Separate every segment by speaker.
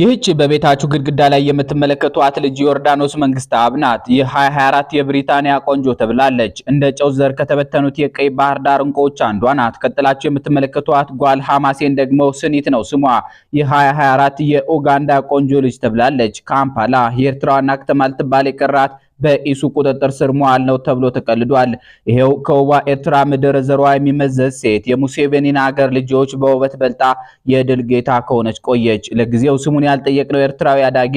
Speaker 1: ይህች በቤታችሁ ግድግዳ ላይ የምትመለከቷት ልጅ ዮርዳኖስ መንግስት አብ ናት። 24 የብሪታንያ ቆንጆ ተብላለች። እንደ ጨው ዘር ከተበተኑት የቀይ ባህር ዳር እንቁዎች አንዷ ናት። ቀጥላችሁ የምትመለከቷት ጓል ሐማሴን ደግሞ ስኒት ነው ስሟ። 24 የኡጋንዳ ቆንጆ ልጅ ተብላለች። ካምፓላ የኤርትራ ዋና ከተማ ልትባል የቀራት በኢሱ ቁጥጥር ስር መዋል ነው ተብሎ ተቀልዷል። ይሄው ከውባ ኤርትራ ምድር ዘሯ የሚመዘዝ ሴት የሙሴቬኒን አገር ልጆች በውበት በልጣ የድል ጌታ ከሆነች ቆየች። ለጊዜው ስሙን ያልጠየቅነው ኤርትራዊ አዳጊ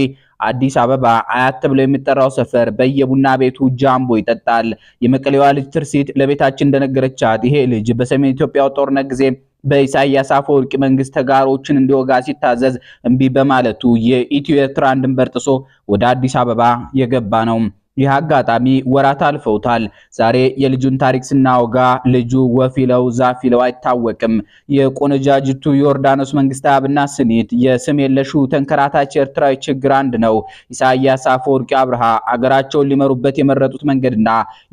Speaker 1: አዲስ አበባ አያት ተብሎ የሚጠራው ሰፈር በየቡና ቤቱ ጃምቦ ይጠጣል። የመቀሌዋ ልጅ ትርሲት ለቤታችን እንደነገረቻት ይሄ ልጅ በሰሜን ኢትዮጵያው ጦርነት ጊዜ በኢሳያስ አፈወርቂ መንግስት ተጋሮችን እንዲወጋ ሲታዘዝ እምቢ በማለቱ የኢትዮ ኤርትራን ድንበር ጥሶ ወደ አዲስ አበባ የገባ ነው። ይህ አጋጣሚ ወራት አልፈውታል። ዛሬ የልጁን ታሪክ ስናወጋ ልጁ ወፊለው ዛፊለው አይታወቅም። የቆነጃጅቱ ዮርዳኖስ መንግስት አብና ስኒት የስም የለሹ ተንከራታች ኤርትራዊ ችግር አንድ ነው። ኢሳያስ አፈወርቂ አብርሃ አገራቸውን ሊመሩበት የመረጡት መንገድና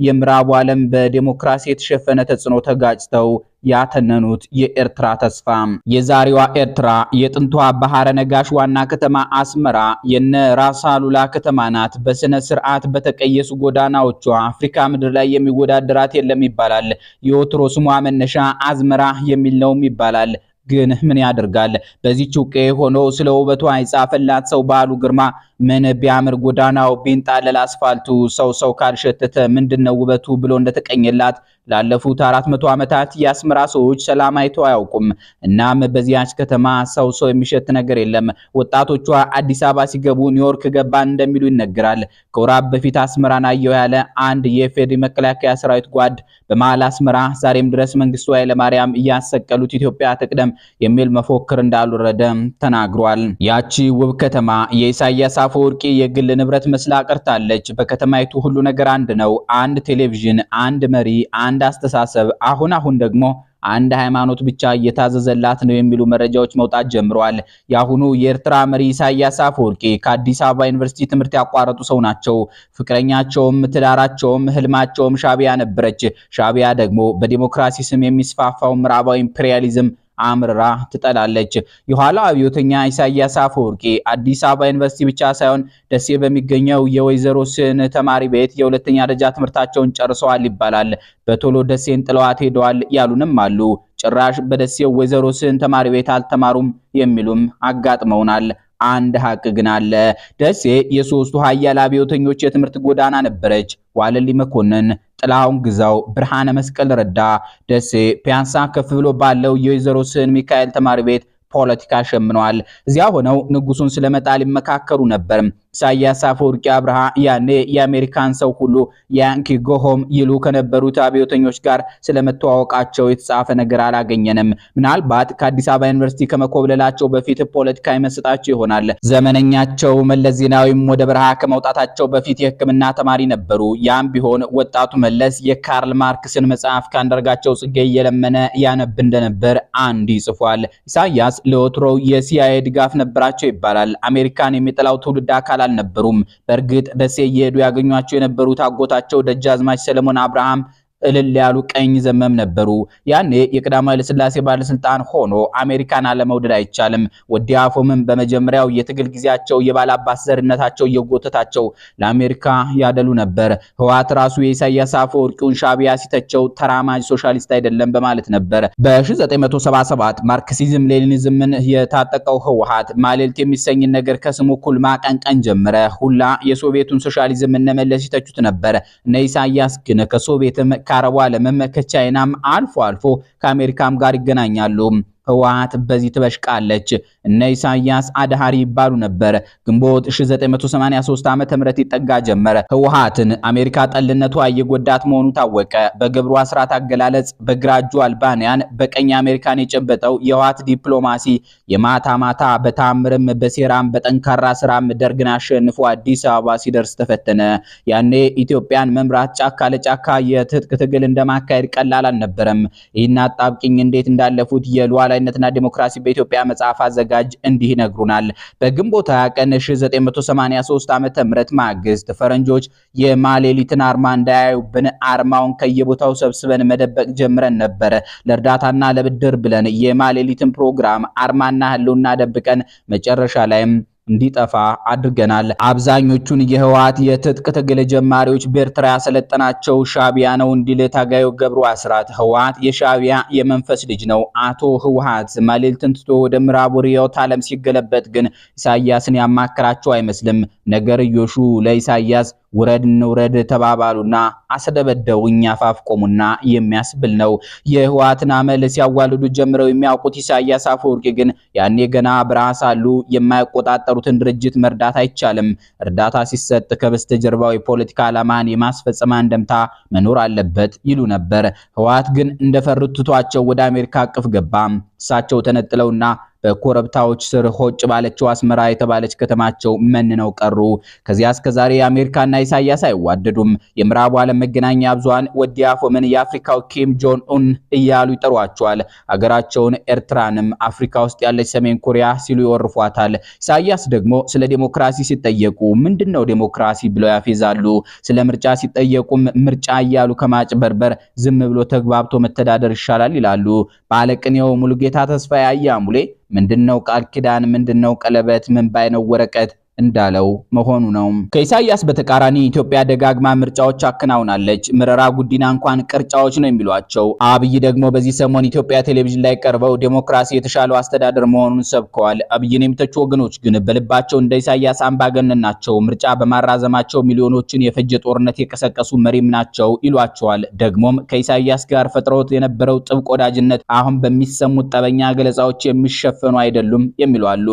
Speaker 1: የምዕራቡ ዓለም በዴሞክራሲ የተሸፈነ ተጽዕኖ ተጋጭተው ያተነኑት የኤርትራ ተስፋ የዛሬዋ ኤርትራ የጥንቷ ባህረ ነጋሽ ዋና ከተማ አስመራ የነ ራስ አሉላ ከተማ ናት። በስነ ስርዓት በተ በተቀየሱ ጎዳናዎቿ አፍሪካ ምድር ላይ የሚወዳደራት የለም ይባላል። የወትሮ ስሟ መነሻ አዝመራ የሚል ነውም ይባላል። ግን ምን ያደርጋል በዚህች ውቄ ሆኖ ስለ ውበቷ የጻፈላት ሰው በዓሉ ግርማ ምን ቢያምር ጎዳናው ቢንጣለል አስፋልቱ ሰው ሰው ካልሸተተ ምንድነው ውበቱ ብሎ እንደተቀኘላት ላለፉት አራት መቶ ዓመታት የአስመራ ሰዎች ሰላም አይተው አያውቁም። እናም በዚያች ከተማ ሰው ሰው የሚሸት ነገር የለም። ወጣቶቿ አዲስ አበባ ሲገቡ ኒውዮርክ ገባን እንደሚሉ ይነገራል። ከወራት በፊት አስመራን አየው ያለ አንድ የፌዴሪ መከላከያ ሰራዊት ጓድ በመሃል አስመራ ዛሬም ድረስ መንግስቱ ኃይለማርያም እያሰቀሉት ኢትዮጵያ ትቅደም የሚል መፎክር እንዳልወረደ ተናግሯል። ያቺ ውብ ከተማ የኢሳያስ አፈወርቂ የግል ንብረት መስላ ቀርታለች። በከተማይቱ ሁሉ ነገር አንድ ነው። አንድ ቴሌቪዥን፣ አንድ መሪ፣ አንድ አስተሳሰብ፣ አሁን አሁን ደግሞ አንድ ሃይማኖት ብቻ እየታዘዘላት ነው የሚሉ መረጃዎች መውጣት ጀምረዋል። የአሁኑ የኤርትራ መሪ ኢሳያስ አፈወርቂ ከአዲስ አበባ ዩኒቨርሲቲ ትምህርት ያቋረጡ ሰው ናቸው። ፍቅረኛቸውም ትዳራቸውም ህልማቸውም ሻቢያ ነበረች። ሻቢያ ደግሞ በዲሞክራሲ ስም የሚስፋፋው ምዕራባዊ ኢምፔሪያሊዝም አምርራ ትጠላለች። የኋላ አብዮተኛ ኢሳያስ አፈወርቂ አዲስ አበባ ዩኒቨርሲቲ ብቻ ሳይሆን ደሴ በሚገኘው የወይዘሮ ስን ተማሪ ቤት የሁለተኛ ደረጃ ትምህርታቸውን ጨርሰዋል ይባላል። በቶሎ ደሴን ጥለዋት ሄደዋል ያሉንም አሉ። ጭራሽ በደሴው ወይዘሮ ስን ተማሪ ቤት አልተማሩም የሚሉም አጋጥመውናል። አንድ ሀቅ ግን አለ። ደሴ የሶስቱ ሀያል አብዮተኞች የትምህርት ጎዳና ነበረች። ዋለሊ መኮንን፣ ጥላሁን ግዛው፣ ብርሃነ መስቀል ረዳ። ደሴ ፒያንሳ ከፍ ብሎ ባለው የወይዘሮ ስህን ሚካኤል ተማሪ ቤት ፖለቲካ ሸምነዋል። እዚያ ሆነው ንጉሱን ስለመጣል ይመካከሩ ነበር። ኢሳያስ አፈወርቂ አብርሃ ያኔ የአሜሪካን ሰው ሁሉ ያንኪ ጎሆም ይሉ ከነበሩት አብዮተኞች ጋር ስለመተዋወቃቸው የተጻፈ ነገር አላገኘንም። ምናልባት ከአዲስ አበባ ዩኒቨርሲቲ ከመኮብለላቸው በፊት ፖለቲካ ይመስጣቸው ይሆናል። ዘመነኛቸው መለስ ዜናዊም ወደ በረሃ ከመውጣታቸው በፊት የሕክምና ተማሪ ነበሩ። ያም ቢሆን ወጣቱ መለስ የካርል ማርክስን መጽሐፍ ከአንዳርጋቸው ጽጌ እየለመነ ያነብ እንደነበር አንድ ይጽፏል። ኢሳያስ ለወትሮው የሲአይኤ ድጋፍ ነበራቸው ይባላል። አሜሪካን የሚጠላው ትውልድ አካል አልነበሩም። በእርግጥ ደሴ እየሄዱ ያገኟቸው የነበሩት አጎታቸው ደጃዝማች ሰለሞን አብርሃም እልል ያሉ ቀኝ ዘመም ነበሩ። ያኔ የቀዳማዊ ኃይለ ሥላሴ ባለስልጣን ሆኖ አሜሪካን አለመውደድ አይቻልም። ወዲ አፎምም በመጀመሪያው የትግል ጊዜያቸው የባላባት ዘርነታቸው እየጎተታቸው ለአሜሪካ ያደሉ ነበር። ህወሓት ራሱ የኢሳያስ አፈወርቂውን ሻቢያ ሲተቸው ተራማጅ ሶሻሊስት አይደለም በማለት ነበር። በ1977 ማርክሲዝም ሌኒኒዝምን የታጠቀው ህወሓት ማሌልት የሚሰኝን ነገር ከስሙ እኩል ማቀንቀን ጀመረ። ሁላ የሶቪየቱን ሶሻሊዝም እነመለስ ሲተቹት ነበር። እነ ኢሳያስ ግን ከሶቪየትም ከአረቡ ዓለምም ከቻይናም አልፎ አልፎ ከአሜሪካም ጋር ይገናኛሉ። ህወሓት በዚህ ትበሽቃለች። እነ ኢሳያስ አድሃሪ ይባሉ ነበር። ግንቦት 1983 ም ይጠጋ ጀመረ። ህወሓትን አሜሪካ ጠልነቷ እየጎዳት መሆኑ ታወቀ። በግብሩ አስራት አገላለጽ በግራ እጁ አልባንያን በቀኝ አሜሪካን የጨበጠው የህወሓት ዲፕሎማሲ የማታ ማታ በታምርም በሴራም በጠንካራ ስራም ደርግን አሸንፎ አዲስ አበባ ሲደርስ ተፈተነ። ያኔ ኢትዮጵያን መምራት ጫካ ለጫካ የትጥቅ ትግል እንደማካሄድ ቀላል አልነበረም። ይህን አጣብቂኝ እንዴት እንዳለፉት የሉ የበላይነትና ዲሞክራሲ በኢትዮጵያ መጽሐፍ አዘጋጅ እንዲህ ይነግሩናል። በግንቦት ቀን 1983 ዓመተ ምህረት ማግስት ፈረንጆች የማሌሊትን አርማ እንዳያዩብን አርማውን ከየቦታው ሰብስበን መደበቅ ጀምረን ነበረ። ለእርዳታና ለብድር ብለን የማሌሊትን ፕሮግራም አርማና ህልውና ደብቀን መጨረሻ ላይም እንዲጠፋ አድርገናል። አብዛኞቹን የህወሓት የትጥቅ ትግል ጀማሪዎች በኤርትራ ያሰለጠናቸው ሻቢያ ነው እንዲል ታጋዩ ገብሩ አስራት ህወሓት የሻቢያ የመንፈስ ልጅ ነው፣ አቶ ህወሓት ማሌልትን ትቶ ወደ ምዕራቡ ርዕዮተ ዓለም ሲገለበት ግን ኢሳያስን ያማከራቸው አይመስልም። ነገርዮሹ ለኢሳያስ ውረድ እንውረድ ተባባሉና አስደበደቡኝ አፋፍ ቆሙና የሚያስብል ነው። የህወሓትን አመል ሲያዋልዱ ጀምረው የሚያውቁት ኢሳያስ አፈወርቂ ግን ያኔ ገና ብርሃ ሳሉ የማይቆጣጠሩትን ድርጅት መርዳት አይቻልም፣ እርዳታ ሲሰጥ ከበስተጀርባው የፖለቲካ ዓላማን የማስፈጸም አንደምታ መኖር አለበት ይሉ ነበር። ህወሓት ግን እንደፈሩት ወደ አሜሪካ አቅፍ ገባ። እሳቸው ተነጥለውና ኮረብታዎች ስር ሆጭ ባለችው አስመራ የተባለች ከተማቸው ነው ቀሩ። ከዚያ እስከ ዛሬ የአሜሪካና ኢሳያስ አይዋደዱም። የምዕራቡ ዓለም መገናኛ ብዙሃን ወዲያ ፎመን የአፍሪካው ኪም ጆን ኡን እያሉ ይጠሯቸዋል። አገራቸውን ኤርትራንም አፍሪካ ውስጥ ያለች ሰሜን ኮሪያ ሲሉ ይወርፏታል። ኢሳያስ ደግሞ ስለ ዴሞክራሲ ሲጠየቁ ምንድን ነው ዴሞክራሲ ብለው ያፌዛሉ። ስለ ምርጫ ሲጠየቁም ምርጫ እያሉ ከማጭበርበር ዝም ብሎ ተግባብቶ መተዳደር ይሻላል ይላሉ። ባለቅኔው ሙሉጌታ ተስፋዬ አያሙሌ ምንድነው ቃል ኪዳን? ምንድነው ቀለበት? ምን ባይነው ወረቀት? እንዳለው መሆኑ ነው። ከኢሳያስ በተቃራኒ ኢትዮጵያ ደጋግማ ምርጫዎች አከናውናለች። ምረራ ጉዲና እንኳን ቅርጫዎች ነው የሚሏቸው። አብይ ደግሞ በዚህ ሰሞን ኢትዮጵያ ቴሌቪዥን ላይ ቀርበው ዴሞክራሲ የተሻለው አስተዳደር መሆኑን ሰብከዋል። አብይን የሚተቹ ወገኖች ግን በልባቸው እንደ ኢሳያስ አምባገነን ናቸው፣ ምርጫ በማራዘማቸው ሚሊዮኖችን የፈጀ ጦርነት የቀሰቀሱ መሪም ናቸው ይሏቸዋል። ደግሞም ከኢሳያስ ጋር ፈጥረውት የነበረው ጥብቅ ወዳጅነት አሁን በሚሰሙት ጠበኛ ገለጻዎች የሚሸፈኑ አይደሉም የሚሏሉ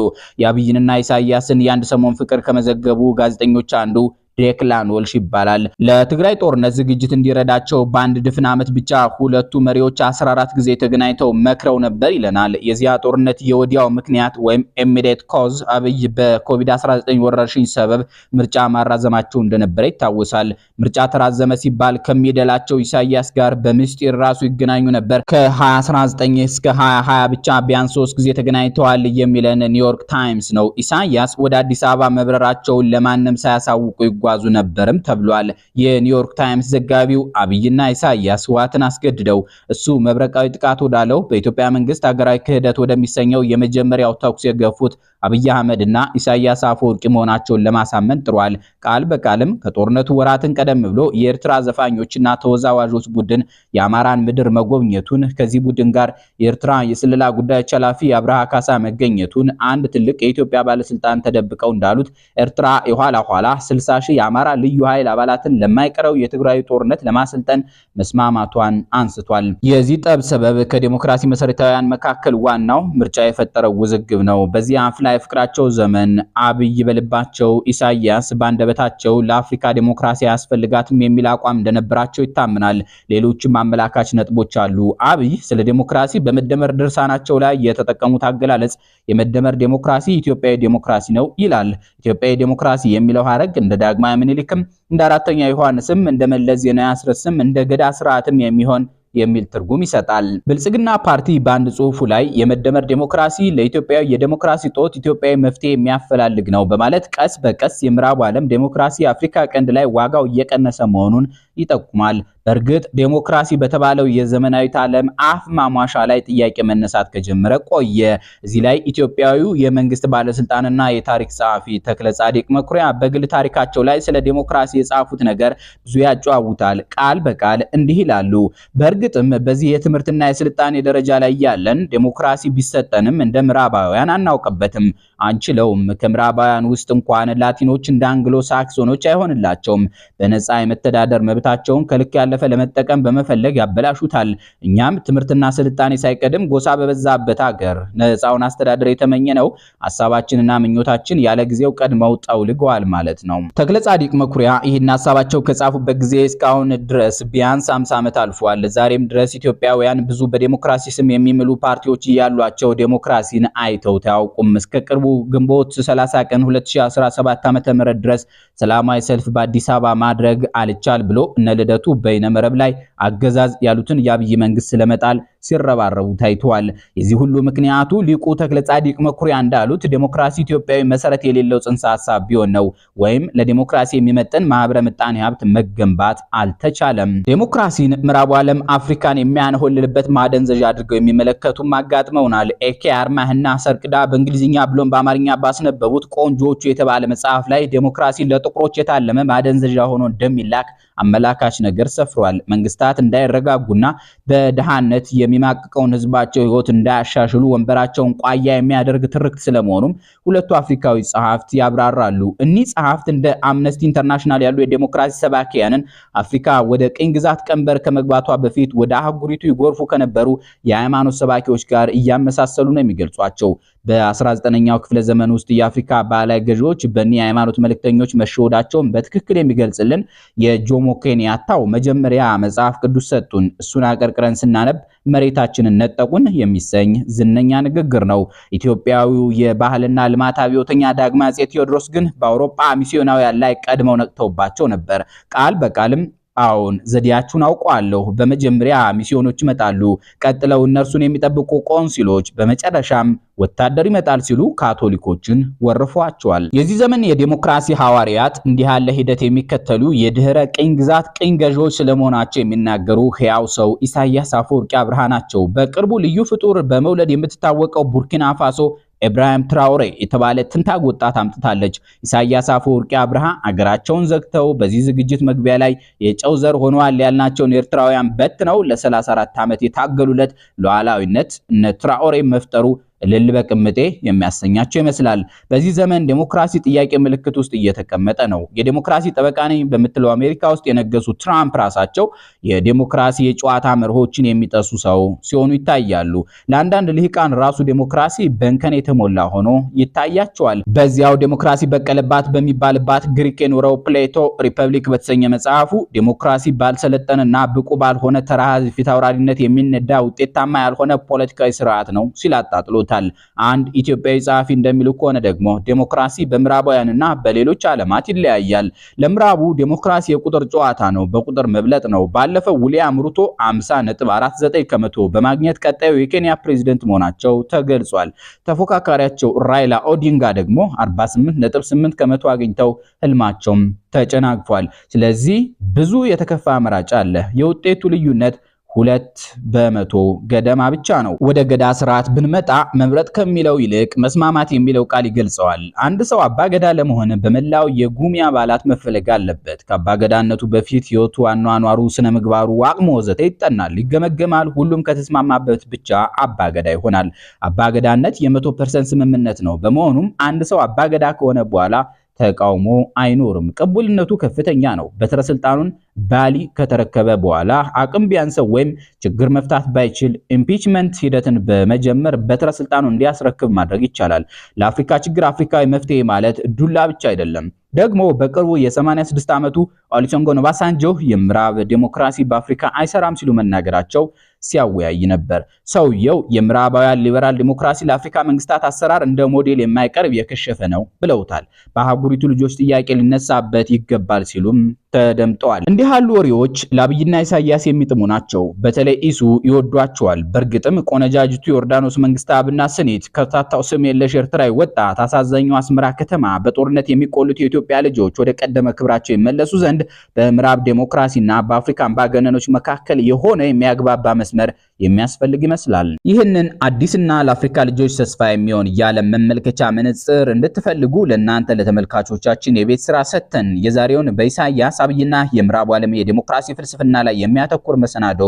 Speaker 1: የአብይንና ኢሳያስን የአንድ ሰሞን ፍቅር ከመዘገቡ ጋዜጠኞች አንዱ ዴክላን ወልሽ ይባላል። ለትግራይ ጦርነት ዝግጅት እንዲረዳቸው በአንድ ድፍን ዓመት ብቻ ሁለቱ መሪዎች 14 ጊዜ ተገናኝተው መክረው ነበር ይለናል። የዚያ ጦርነት የወዲያው ምክንያት ወይም ኢሚዲየት ኮዝ አብይ በኮቪድ-19 ወረርሽኝ ሰበብ ምርጫ ማራዘማቸው እንደነበረ ይታወሳል። ምርጫ ተራዘመ ሲባል ከሚደላቸው ኢሳያስ ጋር በምስጢር ራሱ ይገናኙ ነበር። ከ2019 እስከ 2020 ብቻ ቢያንስ ሶስት ጊዜ ተገናኝተዋል የሚለን ኒውዮርክ ታይምስ ነው። ኢሳያስ ወደ አዲስ አበባ መብረራቸውን ለማንም ሳያሳውቁ ይጓዙ ነበርም ተብሏል። የኒውዮርክ ታይምስ ዘጋቢው አብይና ኢሳያስ ህወሓትን አስገድደው እሱ መብረቃዊ ጥቃት ወዳለው በኢትዮጵያ መንግስት ሀገራዊ ክህደት ወደሚሰኘው የመጀመሪያው ተኩስ የገፉት አብይ አህመድና ኢሳያስ አፈወርቂ መሆናቸውን ለማሳመን ጥሯል። ቃል በቃልም ከጦርነቱ ወራትን ቀደም ብሎ የኤርትራ ዘፋኞችና ተወዛዋዦች ቡድን የአማራን ምድር መጎብኘቱን ከዚህ ቡድን ጋር የኤርትራ የስለላ ጉዳዮች ኃላፊ አብርሃ ካሳ መገኘቱን አንድ ትልቅ የኢትዮጵያ ባለስልጣን ተደብቀው እንዳሉት ኤርትራ የኋላ ኋላ 60 የአማራ ልዩ ኃይል አባላትን ለማይቀረው የትግራይ ጦርነት ለማሰልጠን መስማማቷን አንስቷል። የዚህ ጠብ ሰበብ ከዲሞክራሲ መሰረታዊያን መካከል ዋናው ምርጫ የፈጠረው ውዝግብ ነው። በዚህ አፍላ የፍቅራቸው ዘመን አብይ በልባቸው ኢሳያስ በአንደበታቸው ለአፍሪካ ዲሞክራሲ አያስፈልጋትም የሚል አቋም እንደነበራቸው ይታምናል። ሌሎችም አመላካች ነጥቦች አሉ። አብይ ስለ ዲሞክራሲ በመደመር ድርሳናቸው ላይ የተጠቀሙት አገላለጽ የመደመር ዲሞክራሲ ኢትዮጵያዊ ዲሞክራሲ ነው ይላል። ኢትዮጵያዊ ዲሞክራሲ የሚለው ሀረግ እንደ ዳግ ዳግማዊ ምኒልክም እንደ አራተኛ ዮሐንስም እንደ መለስ ዜናዊ አስረስም እንደ ገዳ ስርዓትም የሚሆን የሚል ትርጉም ይሰጣል። ብልጽግና ፓርቲ በአንድ ጽሁፉ ላይ የመደመር ዴሞክራሲ ለኢትዮጵያ የዴሞክራሲ ጦት ኢትዮጵያዊ መፍትሄ የሚያፈላልግ ነው በማለት ቀስ በቀስ የምዕራቡ ዓለም ዴሞክራሲ አፍሪካ ቀንድ ላይ ዋጋው እየቀነሰ መሆኑን ይጠቁማል። በእርግጥ ዴሞክራሲ በተባለው የዘመናዊት ዓለም አፍ ማሟሻ ላይ ጥያቄ መነሳት ከጀመረ ቆየ። እዚህ ላይ ኢትዮጵያዊው የመንግስት ባለስልጣንና የታሪክ ጸሐፊ ተክለ ጻዲቅ መኩሪያ በግል ታሪካቸው ላይ ስለ ዴሞክራሲ የጻፉት ነገር ብዙ ያጨዋውታል። ቃል በቃል እንዲህ ይላሉ። በእርግጥም በዚህ የትምህርትና የስልጣኔ ደረጃ ላይ ያለን ዴሞክራሲ ቢሰጠንም እንደ ምዕራባውያን አናውቅበትም። አንችለውም። ከምዕራባውያን ውስጥ እንኳን ላቲኖች እንደ አንግሎ ሳክሶኖች አይሆንላቸውም። በነፃ የመተዳደር መብታቸውን ከልክ ያለፈ ለመጠቀም በመፈለግ ያበላሹታል። እኛም ትምህርትና ስልጣኔ ሳይቀድም ጎሳ በበዛበት ሀገር ነፃውን አስተዳደር የተመኘ ነው። ሀሳባችንና ምኞታችን ያለ ጊዜው ቀድመው ጠውልገዋል ማለት ነው። ተክለ ጻዲቅ መኩሪያ ይህን ሀሳባቸው ከጻፉበት ጊዜ እስካሁን ድረስ ቢያንስ 50 ዓመት አልፏል። ዛሬም ድረስ ኢትዮጵያውያን ብዙ በዴሞክራሲ ስም የሚምሉ ፓርቲዎች እያሏቸው ዴሞክራሲን አይተው ታያውቁም። እስከ ቅርቡ ግንቦት 30 ቀን 2017 ዓ.ም ድረስ ሰላማዊ ሰልፍ በአዲስ አበባ ማድረግ አልቻል ብሎ እነ ልደቱ በይነመረብ ላይ አገዛዝ ያሉትን የአብይ መንግስት ለመጣል ሲረባረቡ ታይተዋል። የዚህ ሁሉ ምክንያቱ ሊቁ ተክለ ጻዲቅ መኩሪያ እንዳሉት ዴሞክራሲ ኢትዮጵያዊ መሰረት የሌለው ጽንሰ ሐሳብ ቢሆን ነው፣ ወይም ለዴሞክራሲ የሚመጥን ማህበረ ምጣኔ ሀብት መገንባት አልተቻለም። ዴሞክራሲን ምዕራቡ ዓለም አፍሪካን የሚያንሆልልበት ማደንዘዣ አድርገው የሚመለከቱም አጋጥመውናል። ኤኬ አርማህና ሰርቅዳ በእንግሊዝኛ ብሎም በአማርኛ ባስነበቡት ቆንጆቹ የተባለ መጽሐፍ ላይ ዴሞክራሲ ለጥቁሮች የታለመ ማደንዘዣ ሆኖ እንደሚላክ አመላካች ነገር ሰፍሯል። መንግስታት እንዳይረጋጉና በድሃነት የሚማቅቀውን ህዝባቸው ህይወት እንዳያሻሽሉ ወንበራቸውን ቋያ የሚያደርግ ትርክት ስለመሆኑም ሁለቱ አፍሪካዊ ጸሐፍት ያብራራሉ። እኒህ ጸሐፍት እንደ አምነስቲ ኢንተርናሽናል ያሉ የዴሞክራሲ ሰባኪያንን አፍሪካ ወደ ቅኝ ግዛት ቀንበር ከመግባቷ በፊት ወደ አህጉሪቱ ይጎርፉ ከነበሩ የሃይማኖት ሰባኪዎች ጋር እያመሳሰሉ ነው የሚገልጿቸው። በ19ኛው ክፍለ ዘመን ውስጥ የአፍሪካ ባህላዊ ገዢዎች በኒ ሃይማኖት መልእክተኞች መሸወዳቸውን በትክክል የሚገልጽልን የጆሞ ኬንያታው መጀመሪያ መጽሐፍ ቅዱስ ሰጡን፣ እሱን አቀርቅረን ስናነብ መሬታችንን ነጠቁን የሚሰኝ ዝነኛ ንግግር ነው። ኢትዮጵያዊው የባህልና ልማት አብዮተኛ ዳግማዊ ጼ ቴዎድሮስ ግን በአውሮፓ ሚስዮናውያን ላይ ቀድመው ነቅተውባቸው ነበር ቃል በቃልም አዎን ዘዴያችሁን አውቀዋለሁ። በመጀመሪያ ሚስዮኖች ይመጣሉ፣ ቀጥለው እነርሱን የሚጠብቁ ቆንሲሎች፣ በመጨረሻም ወታደር ይመጣል ሲሉ ካቶሊኮችን ወርፏቸዋል። የዚህ ዘመን የዴሞክራሲ ሐዋርያት እንዲህ ያለ ሂደት የሚከተሉ የድህረ ቅኝ ግዛት ቅኝ ገዢዎች ስለመሆናቸው የሚናገሩ ሕያው ሰው ኢሳያስ አፈወርቂ አብርሃ ናቸው። በቅርቡ ልዩ ፍጡር በመውለድ የምትታወቀው ቡርኪና ፋሶ ኢብራሂም ትራውሬ የተባለ ትንታግ ወጣት አምጥታለች። ኢሳያስ አፈወርቂ አብርሃ አገራቸውን ዘግተው በዚህ ዝግጅት መግቢያ ላይ የጨው ዘር ሆነዋል ያልናቸውን ኤርትራውያን በት ነው ለ34 ዓመት የታገሉለት ሉዓላዊነት እነ ትራኦሬ መፍጠሩ እልል በቅምጤ የሚያሰኛቸው ይመስላል። በዚህ ዘመን ዴሞክራሲ ጥያቄ ምልክት ውስጥ እየተቀመጠ ነው። የዴሞክራሲ ጠበቃ ነኝ በምትለው አሜሪካ ውስጥ የነገሱ ትራምፕ ራሳቸው የዴሞክራሲ የጨዋታ መርሆችን የሚጠሱ ሰው ሲሆኑ ይታያሉ። ለአንዳንድ ልሂቃን ራሱ ዴሞክራሲ በእንከን የተሞላ ሆኖ ይታያቸዋል። በዚያው ዴሞክራሲ በቀለባት በሚባልባት ግሪክ የኖረው ፕሌቶ ሪፐብሊክ በተሰኘ መጽሐፉ ዴሞክራሲ ባልሰለጠነና ብቁ ባልሆነ ተራ ፊት አውራሪነት የሚነዳ ውጤታማ ያልሆነ ፖለቲካዊ ስርዓት ነው ሲል አጣጥሎታል። ብለውታል። አንድ ኢትዮጵያዊ ጸሐፊ እንደሚሉ ከሆነ ደግሞ ዴሞክራሲ በምዕራባውያንና በሌሎች ዓለማት ይለያያል። ለምዕራቡ ዴሞክራሲ የቁጥር ጨዋታ ነው፣ በቁጥር መብለጥ ነው። ባለፈው ዊልያም ሩቶ 50.49 ከመቶ በማግኘት ቀጣዩ የኬንያ ፕሬዝደንት መሆናቸው ተገልጿል። ተፎካካሪያቸው ራይላ ኦዲንጋ ደግሞ 48.8 ከመቶ አግኝተው ህልማቸውም ተጨናግፏል። ስለዚህ ብዙ የተከፋ አመራጭ አለ። የውጤቱ ልዩነት ሁለት በመቶ ገደማ ብቻ ነው። ወደ ገዳ ስርዓት ብንመጣ መምረጥ ከሚለው ይልቅ መስማማት የሚለው ቃል ይገልጸዋል። አንድ ሰው አባ ገዳ ለመሆን በመላው የጉሚ አባላት መፈለግ አለበት። ከአባ ገዳነቱ በፊት ህይወቱ አኗኗሩ፣ ስነ ምግባሩ፣ አቅሞ ወዘተ ይጠናል፣ ይገመገማል። ሁሉም ከተስማማበት ብቻ አባ ገዳ ይሆናል። አባ ገዳነት የመቶ ፐርሰንት ስምምነት ነው። በመሆኑም አንድ ሰው አባ ገዳ ከሆነ በኋላ ተቃውሞ አይኖርም። ቅቡልነቱ ከፍተኛ ነው። በትረ ስልጣኑን ባሊ ከተረከበ በኋላ አቅም ቢያንሰው ወይም ችግር መፍታት ባይችል ኢምፒችመንት ሂደትን በመጀመር በትረ ስልጣኑ እንዲያስረክብ ማድረግ ይቻላል። ለአፍሪካ ችግር አፍሪካዊ መፍትሄ ማለት ዱላ ብቻ አይደለም። ደግሞ በቅርቡ የ86 ዓመቱ ኦሉሴጉን ኦባሳንጆ የምዕራብ ዴሞክራሲ በአፍሪካ አይሰራም ሲሉ መናገራቸው ሲያወያይ ነበር። ሰውየው የምዕራባውያን ሊበራል ዲሞክራሲ ለአፍሪካ መንግስታት አሰራር እንደ ሞዴል የማይቀርብ የከሸፈ ነው ብለውታል። በአህጉሪቱ ልጆች ጥያቄ ሊነሳበት ይገባል ሲሉም ተደምጠዋል። እንዲህ ያሉ ወሬዎች ለአብይና ኢሳያስ የሚጥሙ ናቸው። በተለይ ኢሱ ይወዷቸዋል። በእርግጥም ቆነጃጅቱ ዮርዳኖስ አብና ስኔት ከርታታው ስም የለሽ ኤርትራዊ ወጣት አሳዛኛው አስመራ ከተማ በጦርነት የሚቆሉት የኢትዮጵያ ልጆች ወደ ቀደመ ክብራቸው ይመለሱ ዘንድ በምዕራብ ዴሞክራሲና በአፍሪካ አምባገነኖች መካከል የሆነ የሚያግባባ መስ መስመር የሚያስፈልግ ይመስላል። ይህንን አዲስና ለአፍሪካ ልጆች ተስፋ የሚሆን የዓለም መመልከቻ መነጽር እንድትፈልጉ ለእናንተ ለተመልካቾቻችን የቤት ስራ ሰጥተን የዛሬውን በኢሳያስ አብይና የምዕራቡ ዓለም የዲሞክራሲ ፍልስፍና ላይ የሚያተኩር መሰናዶ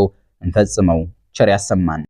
Speaker 1: እንፈጽመው። ቸር ያሰማን።